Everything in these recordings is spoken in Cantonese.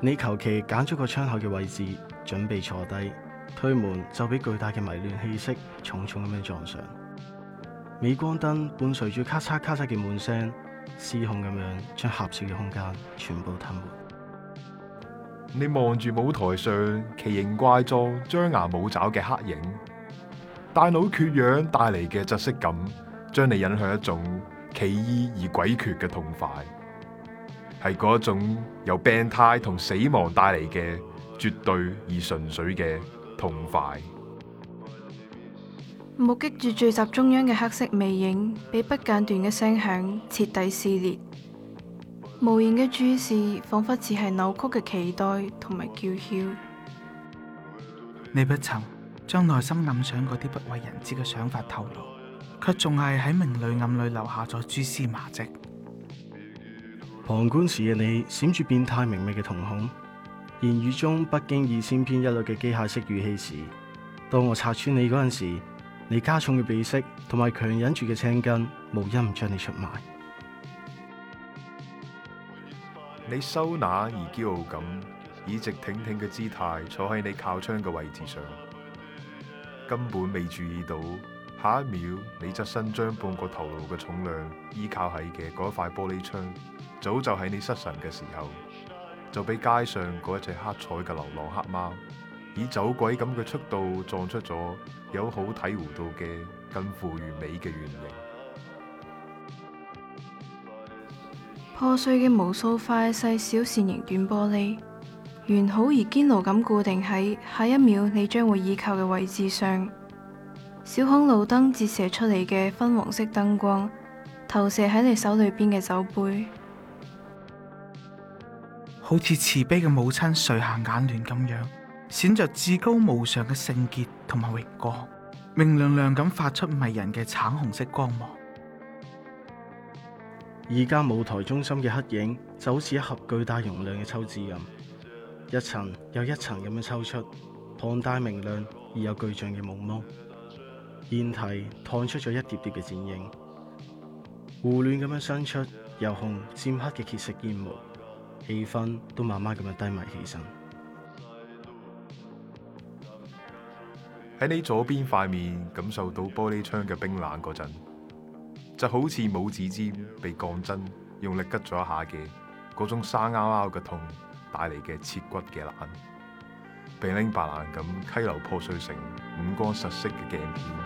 你求其揀咗個窗口嘅位置，準備坐低，推門就俾巨大嘅迷亂氣息重重咁樣撞上。鎂光燈伴隨住咔嚓咔嚓嘅門聲，失控咁樣將狹小嘅空間全部吞沒。你望住舞台上奇形怪狀、張牙舞爪嘅黑影，大腦缺氧帶嚟嘅窒息感，將你引向一種奇異而詭譎嘅痛快。係嗰一種由病態同死亡帶嚟嘅絕對而純粹嘅痛快。目擊住聚集中央嘅黑色魅影，被不間斷嘅聲響徹底撕裂。無形嘅注視，仿佛似係扭曲嘅期待同埋叫囂。你不曾將內心暗想嗰啲不為人知嘅想法透露，卻仲係喺明裏暗裏留下咗蛛絲馬跡。旁觀時嘅你，閃住變態明媚嘅瞳孔，言語中不經意千篇一律嘅機械式語氣時，當我拆穿你嗰陣時，你加重嘅鼻息同埋強忍住嘅青筋，無一唔將你出賣。你羞赧而驕傲咁，以直挺挺嘅姿態坐喺你靠窗嘅位置上，根本未注意到。下一秒，你側身將半個頭顱嘅重量依靠喺嘅嗰一塊玻璃窗，早就喺你失神嘅時候，就俾街上嗰一隻黑彩嘅流浪黑貓，以走鬼咁嘅速度撞出咗有好睇弧度嘅近乎完美嘅圓形。破碎嘅無數塊細小扇形軟玻璃，完好而堅牢咁固定喺下一秒你將會倚靠嘅位置上。小孔路燈折射出嚟嘅昏黃色燈光，投射喺你手裏邊嘅酒杯，好似慈悲嘅母親垂下眼簾咁樣，閃着至高無上嘅聖潔同埋榮光，明亮亮咁發出迷人嘅橙紅色光芒。而家舞台中心嘅黑影就好似一盒巨大容量嘅抽紙咁，一層又一層咁樣抽出，龐大明亮而有巨象嘅目光。煙蒂燙出咗一疊疊嘅剪影，胡亂咁樣伸出由紅漸黑嘅鐵色煙霧，氣氛都慢慢咁樣低迷起身。喺你左邊塊面感受到玻璃窗嘅冰冷嗰陣，就好似拇指尖被鋼針用力拮咗一下嘅嗰種沙拗拗嘅痛，帶嚟嘅切骨嘅冷，零零白爛咁溪流破碎成五光十色嘅鏡片。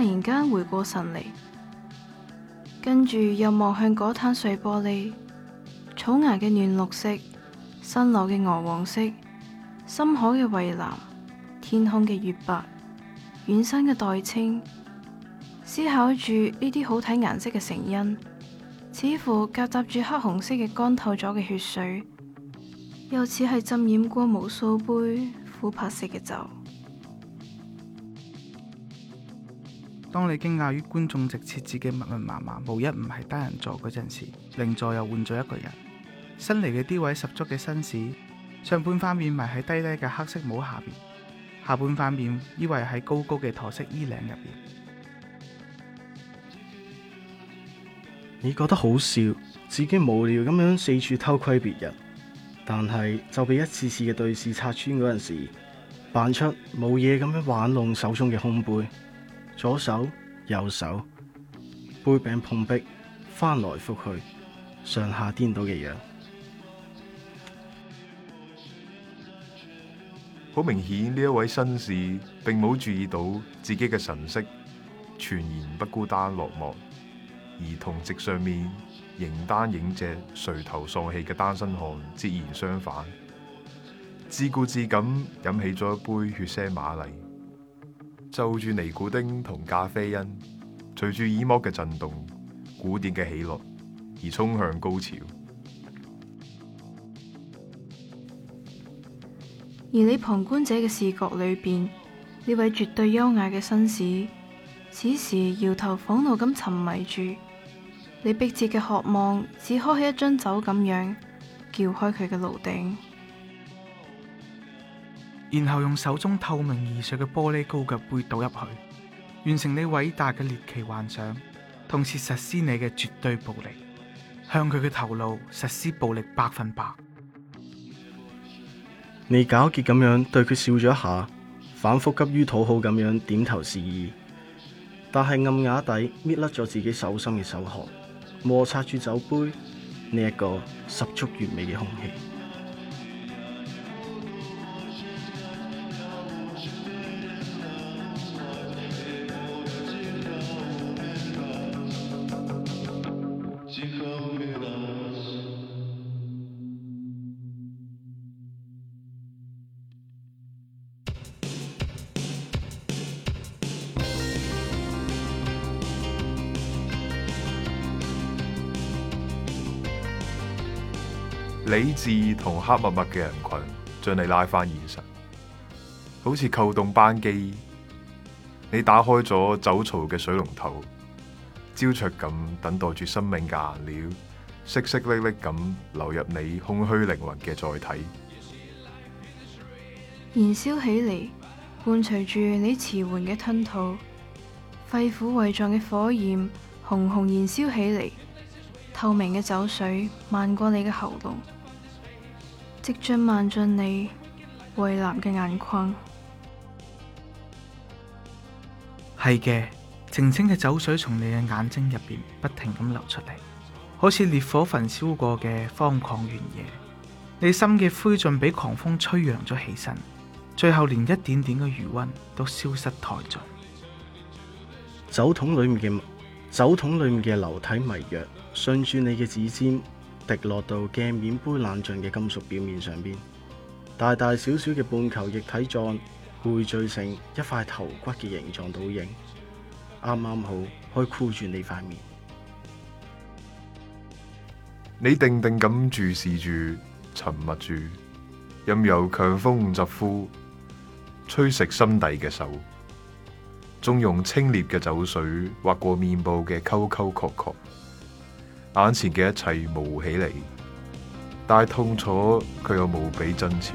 突然間回過神嚟，跟住又望向嗰灘碎玻璃，草芽嘅嫩綠色，新柳嘅鵝黃色，深海嘅蔚藍，天空嘅月白，遠山嘅黛青，思考住呢啲好睇顏色嘅成因，似乎夾雜住黑紅色嘅乾透咗嘅血水，又似係浸染過無數杯琥珀色嘅酒。當你驚訝於觀眾直視自己密密麻麻，無一唔係單人座嗰陣時，另座又換咗一個人，新嚟嘅啲位十足嘅紳士，上半塊面埋喺低低嘅黑色帽下邊，下半塊面依位喺高高嘅駝色衣領入邊，你覺得好笑，自己無聊咁樣四處偷窺別人，但係就被一次次嘅對視拆穿嗰陣時，扮出冇嘢咁樣玩弄手中嘅空杯。左手、右手，杯柄碰壁，翻來覆去，上下顛倒嘅樣，好明顯呢一位紳士並冇注意到自己嘅神色，全然不孤單落寞，而同席上面形單影隻垂頭喪氣嘅單身漢截然相反，自顧自咁飲起咗一杯血腥瑪麗。就住尼古丁同咖啡因，隨住耳膜嘅震動、古典嘅起落而衝向高潮。而你旁觀者嘅視覺裏邊，呢位絕對優雅嘅紳士，此時搖頭晃腦咁沉迷住，你迫切嘅渴望，似開起一樽酒咁樣，撬開佢嘅顱頂。然後用手中透明易碎嘅玻璃高腳杯倒入去，完成你偉大嘅獵奇幻想，同時實施你嘅絕對暴力，向佢嘅頭腦實施暴力百分百。你狡黠咁樣對佢笑咗一下，反復急於討好咁樣點頭示意，但係暗啞底搣甩咗自己手心嘅手汗，摩擦住酒杯呢一個十足完美嘅空氣。字同黑密密嘅人群將你拉翻現實，好似扣動扳機，你打開咗酒槽嘅水龍頭，焦灼咁等待住生命燃料，淅淅瀝瀝咁流入你空虛靈魂嘅載體，燃燒起嚟，伴隨住你遲緩嘅吞吐，肺腑胃臟嘅火焰紅紅燃燒起嚟，透明嘅酒水漫過你嘅喉嚨。滴進漫進你蔚藍嘅眼眶，係嘅，澄清嘅酒水從你嘅眼睛入邊不停咁流出嚟，好似烈火焚燒過嘅荒曠原野，你心嘅灰燼俾狂風吹揚咗起身，最後連一點點嘅餘溫都消失殆盡。酒桶裏面嘅酒桶裏面嘅流體迷藥，順住你嘅指尖。滴落到鏡面杯冷像嘅金屬表面上邊，大大小小嘅半球液體狀匯聚成一塊頭骨嘅形狀倒影，啱啱好可以箍住你塊面。你定定咁注視住，沉默住，任由強風疾呼，吹食心底嘅手，仲用清冽嘅酒水劃過面部嘅溝溝渠渠。眼前嘅一切模糊起嚟，但係痛楚卻又無比真切。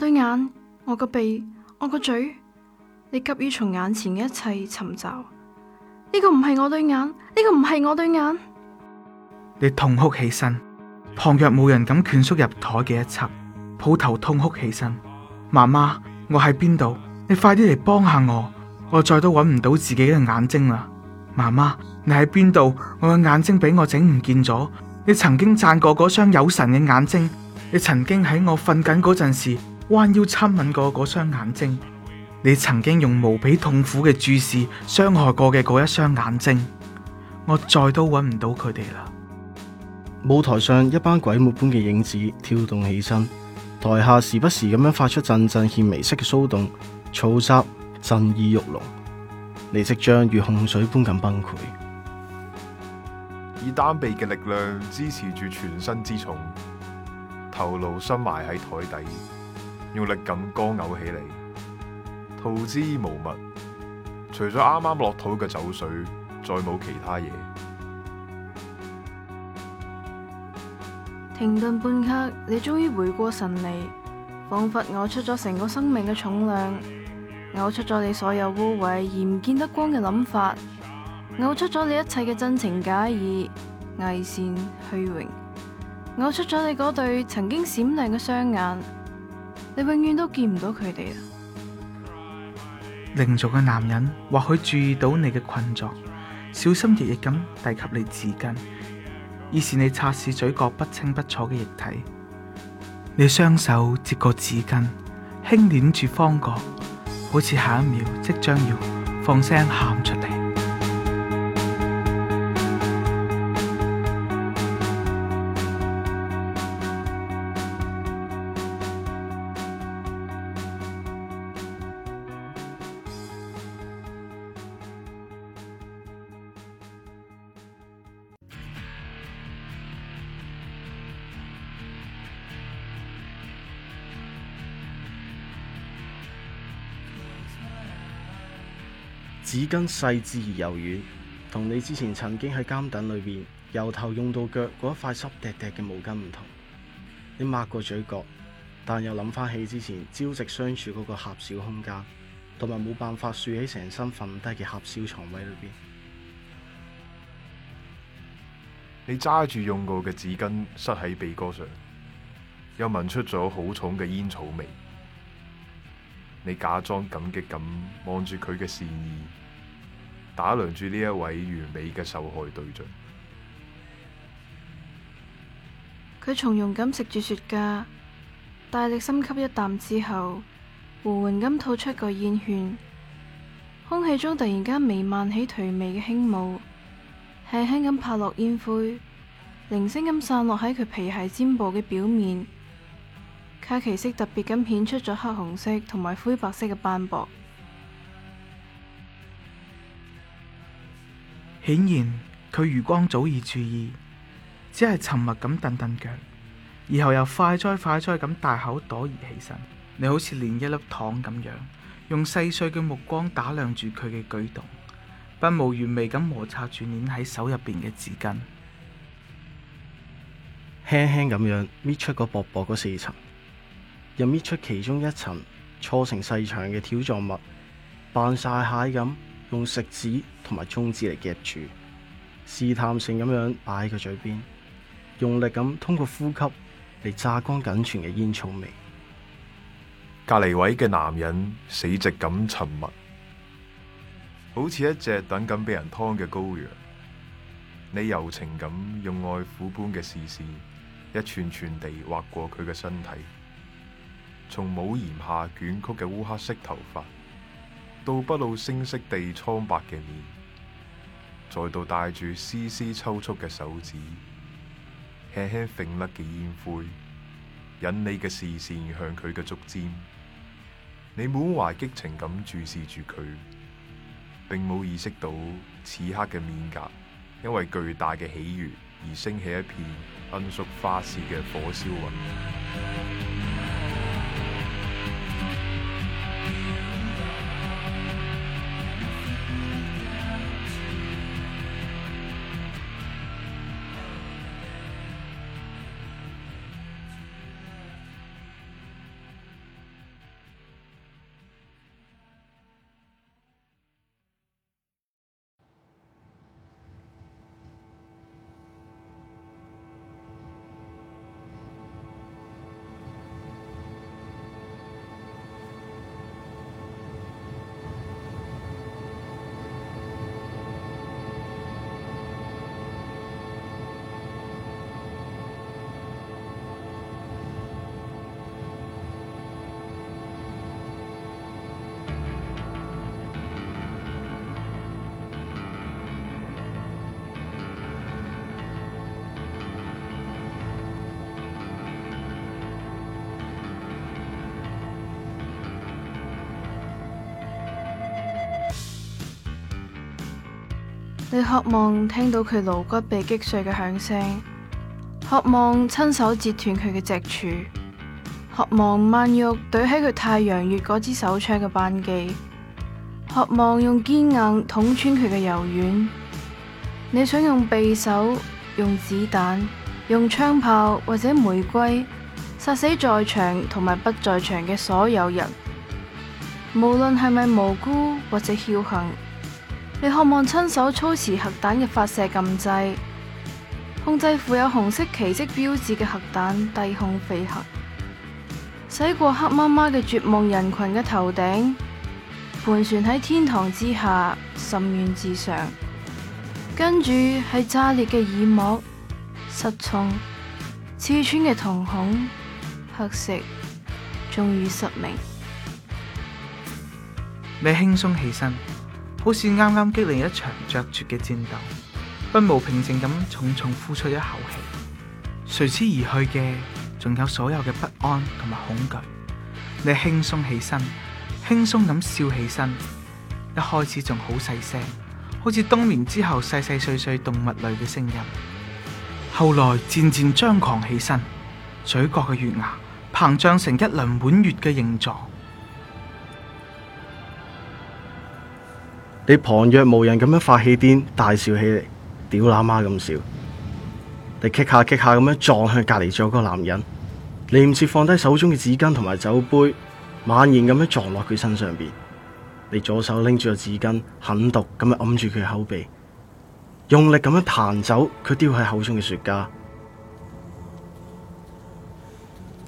對眼，我個鼻，我個嘴，你急於從眼前嘅一切尋找，呢個唔係我對眼，呢個唔係我對眼。你痛哭起身，旁若冇人咁蜷縮入台嘅一側，抱頭痛哭起身。媽媽，我喺邊度？你快啲嚟幫下我，我再都揾唔到自己嘅眼睛啦。媽媽，你喺邊度？我嘅眼睛俾我整唔見咗。你曾經讚過嗰雙有神嘅眼睛，你曾經喺我瞓緊嗰陣時。彎腰親吻過嗰雙眼睛，你曾經用無比痛苦嘅注視傷害過嘅嗰一雙眼睛，我再都揾唔到佢哋啦。舞台上一班鬼魅般嘅影子跳動起身，台下時不時咁樣發出陣陣欠眉式嘅騷動，嘈雜震耳欲聾，你即將如洪水般咁崩潰，以單臂嘅力量支持住全身之重，頭顱深埋喺台底。用力咁乾嘔起嚟，吐之無物，除咗啱啱落肚嘅酒水，再冇其他嘢。停頓半刻，你終於回過神嚟，仿佛嘔出咗成個生命嘅重量，嘔出咗你所有污穢而唔見得光嘅諗法，嘔出咗你一切嘅真情假意、偽善虛榮，嘔出咗你嗰對曾經閃亮嘅雙眼。你永遠都見唔到佢哋啦。鄰座嘅男人或許注意到你嘅困狀，小心翼翼咁遞給你紙巾，以示你擦拭嘴角不清不楚嘅液體。你雙手接過紙巾，輕捻住方角，好似下一秒即將要放聲喊出。跟細緻而柔軟，同你之前曾經喺監等裏邊由頭用到腳嗰一塊濕滴滴嘅毛巾唔同。你抹過嘴角，但又諗翻起之前朝夕相處嗰個狹小空間，同埋冇辦法豎起成身瞓低嘅狹小床位裏邊，你揸住用過嘅紙巾塞喺鼻哥上，又聞出咗好重嘅煙草味。你假裝感激咁望住佢嘅善意。打量住呢一位完美嘅受害對象，佢從容咁食住雪茄，大力深吸一啖之後，緩緩咁吐出個煙圈，空氣中突然間彌漫起頹味嘅輕舞，輕輕咁拍落煙灰，零星咁散落喺佢皮鞋尖部嘅表面，卡其色特別咁顯出咗黑紅色同埋灰白色嘅斑駁。顯然佢餘光早已注意，只係沉默咁蹬蹬腳，然後又快哉快哉咁大口朵頤起身。你好似連一粒糖咁樣，用細碎嘅目光打量住佢嘅舉動，不無意味咁摩擦住捻喺手入邊嘅紙巾，輕輕咁樣搣出個薄薄嗰四層，又搣出其中一層搓成細長嘅條狀物，扮晒蟹咁。用食指同埋中指嚟夾住，試探性咁樣擺喺佢嘴邊，用力咁通過呼吸嚟榨光僅存嘅煙草味。隔籬位嘅男人死直咁沉默，好似一隻等緊被人劏嘅羔羊。你柔情咁用愛撫般嘅視線，一串串地劃過佢嘅身體，從帽檐下捲曲嘅烏黑色頭髮。到不露聲色地蒼白嘅面，再到帶住絲絲抽搐嘅手指，輕輕甩甩嘅煙灰，引你嘅視線向佢嘅足尖，你滿懷激情咁注視住佢，並冇意識到此刻嘅面頰，因為巨大嘅喜悅而升起一片罌粟花似嘅火燒雲。你渴望聽到佢顱骨被擊碎嘅響聲，渴望親手截斷佢嘅脊柱，渴望曼玉懟喺佢太陽穴嗰支手槍嘅扳機，渴望用堅硬捅穿佢嘅柔軟。你想用匕首、用子彈、用槍炮或者玫瑰，殺死在場同埋不在場嘅所有人，無論係咪無辜或者僥倖。你渴望親手操持核彈嘅發射撳掣，控制附有紅色奇迹標誌嘅核彈低空飛行，駛過黑麻麻嘅絕望人群嘅頭頂，盤旋喺天堂之下深淵之上，跟住係炸裂嘅耳膜、失聰、刺穿嘅瞳孔、黑色，終於失明。你輕鬆起身。好似啱啱經歷一場卓絕嘅戰鬥，不無平靜咁重重呼出一口氣，隨之而去嘅仲有所有嘅不安同埋恐懼。你輕鬆起身，輕鬆咁笑起身，一開始仲好細聲，好似冬眠之後細細碎碎動物類嘅聲音，後來漸漸張狂起身，嘴角嘅月牙膨脹，脹成一輪滿月嘅形狀。你旁若無人咁樣發起癲，大笑起嚟，屌喇媽咁笑。你 k 下 k 下咁樣撞向隔籬咗個男人，你唔切放低手中嘅紙巾同埋酒杯，猛然咁樣撞落佢身上邊。你左手拎住個紙巾，狠毒咁樣揞住佢口鼻，用力咁樣彈走佢丟喺口中嘅雪茄，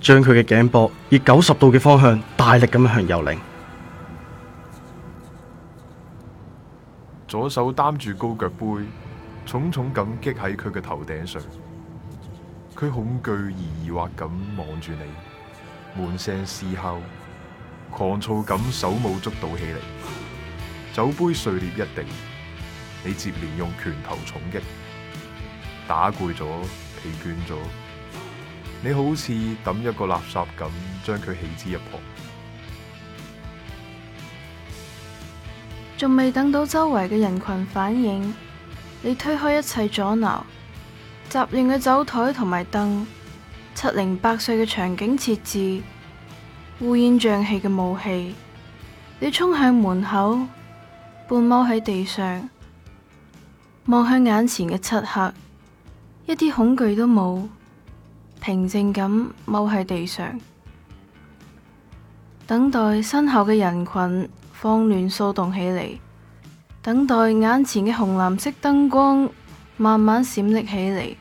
將佢嘅頸膊以九十度嘅方向大力咁樣向右擰。左手擔住高腳杯，重重咁擊喺佢嘅頭頂上。佢恐懼而疑惑咁望住你，悶聲嘶吼，狂躁咁手舞足蹈起嚟。酒杯碎裂一地，你接連用拳頭重擊，打攰咗，疲倦咗。你好似抌一個垃圾咁，將佢棄之一旁。仲未等到周圍嘅人群反應，你推開一切阻撓，雜亂嘅酒台同埋燈，七零八碎嘅場景設置，烏煙瘴氣嘅武器。你衝向門口，半踎喺地上，望向眼前嘅漆黑，一啲恐懼都冇，平靜咁踎喺地上，等待身後嘅人群。慌亂，騷動起嚟，等待眼前嘅紅藍色燈光慢慢閃爍起嚟，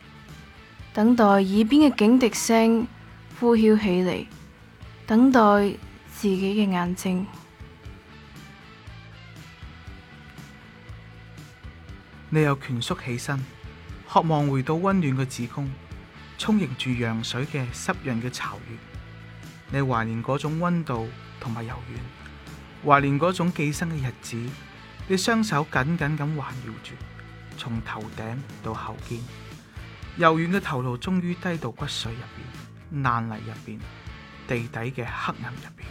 等待耳邊嘅警笛聲呼嘯起嚟，等待自己嘅眼睛。你又蜷縮起身，渴望回到溫暖嘅子宮，充盈住羊水嘅濕潤嘅巢穴。你懷念嗰種溫度同埋柔軟。懷念嗰種寄生嘅日子，你雙手緊緊咁環繞住，從頭頂到後肩，柔軟嘅頭顱終於低到骨髓入邊、爛泥入邊、地底嘅黑暗入邊。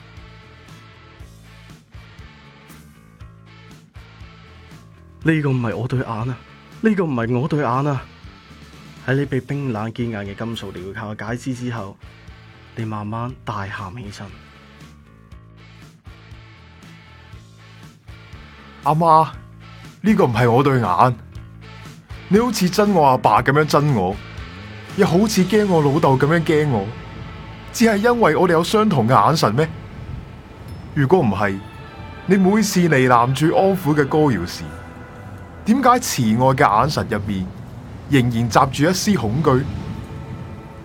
呢個唔係我對眼啊！呢個唔係我對眼啊！喺你被冰冷堅硬嘅金屬鐐銬解肢之後，你慢慢大喊起身。阿媽，呢、這個唔係我對眼，你好似憎我阿爸咁樣憎我，又好似驚我老豆咁樣驚我，只係因為我哋有相同嘅眼神咩？如果唔係，你每次嚟難住安撫嘅歌謠時，點解慈愛嘅眼神入面仍然集住一絲恐懼？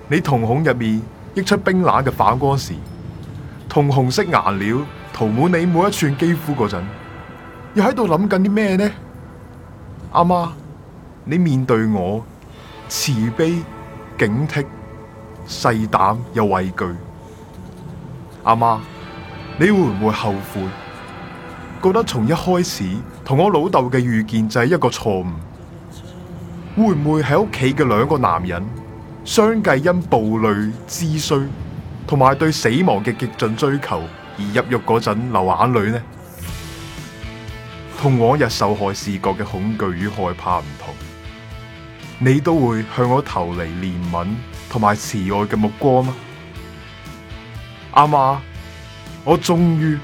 你瞳孔入面溢出冰冷嘅反光時，同紅色顏料塗滿你每一寸肌膚嗰陣。又喺度諗緊啲咩呢？阿媽，你面對我慈悲、警惕、細膽又畏懼。阿媽，你會唔會後悔？覺得從一開始同我老豆嘅遇見就係一個錯誤？會唔會喺屋企嘅兩個男人相繼因暴戾恣睢同埋對死亡嘅極盡追求而入獄嗰陣流眼淚呢？同往日受害視覺嘅恐懼與害怕唔同，你都會向我投嚟憐憫同埋慈愛嘅目光嗎？阿嫲，我終於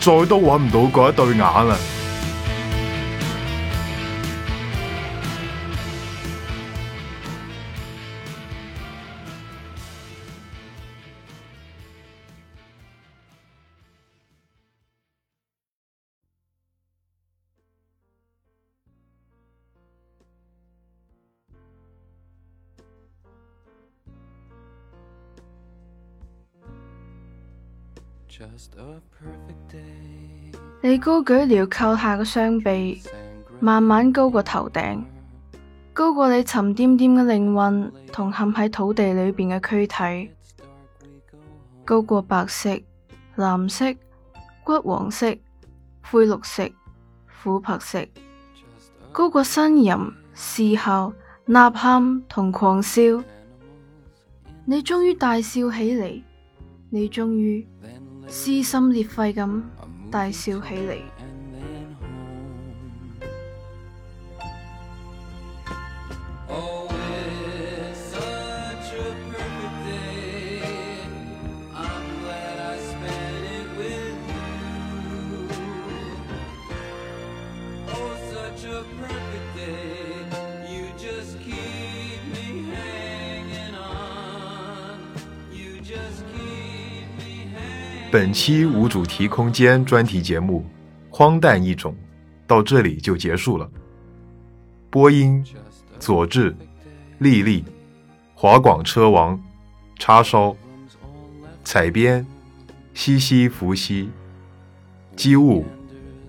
再都揾唔到嗰一對眼啦。你高舉了扣下個雙臂，慢慢高過頭頂，高過你沉甸甸嘅靈魂同陷喺土地裏邊嘅軀體，高過白色、藍色、骨黃色、灰綠色、琥珀色，a 高過呻吟、事後、吶喊同狂笑，in 你終於大笑起嚟，你終於。撕心裂肺咁大笑起嚟。本期無主題空間專題節目《荒誕一種》到這裏就結束了。播音：佐治、莉莉，華廣車王、叉燒、採編、西西，西、伏羲、機物、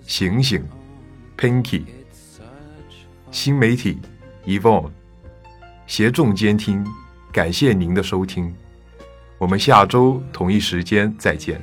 醒醒、Pinky、新媒體、Yvonne 協眾監聽，感謝您的收聽，我們下周同一時間再見。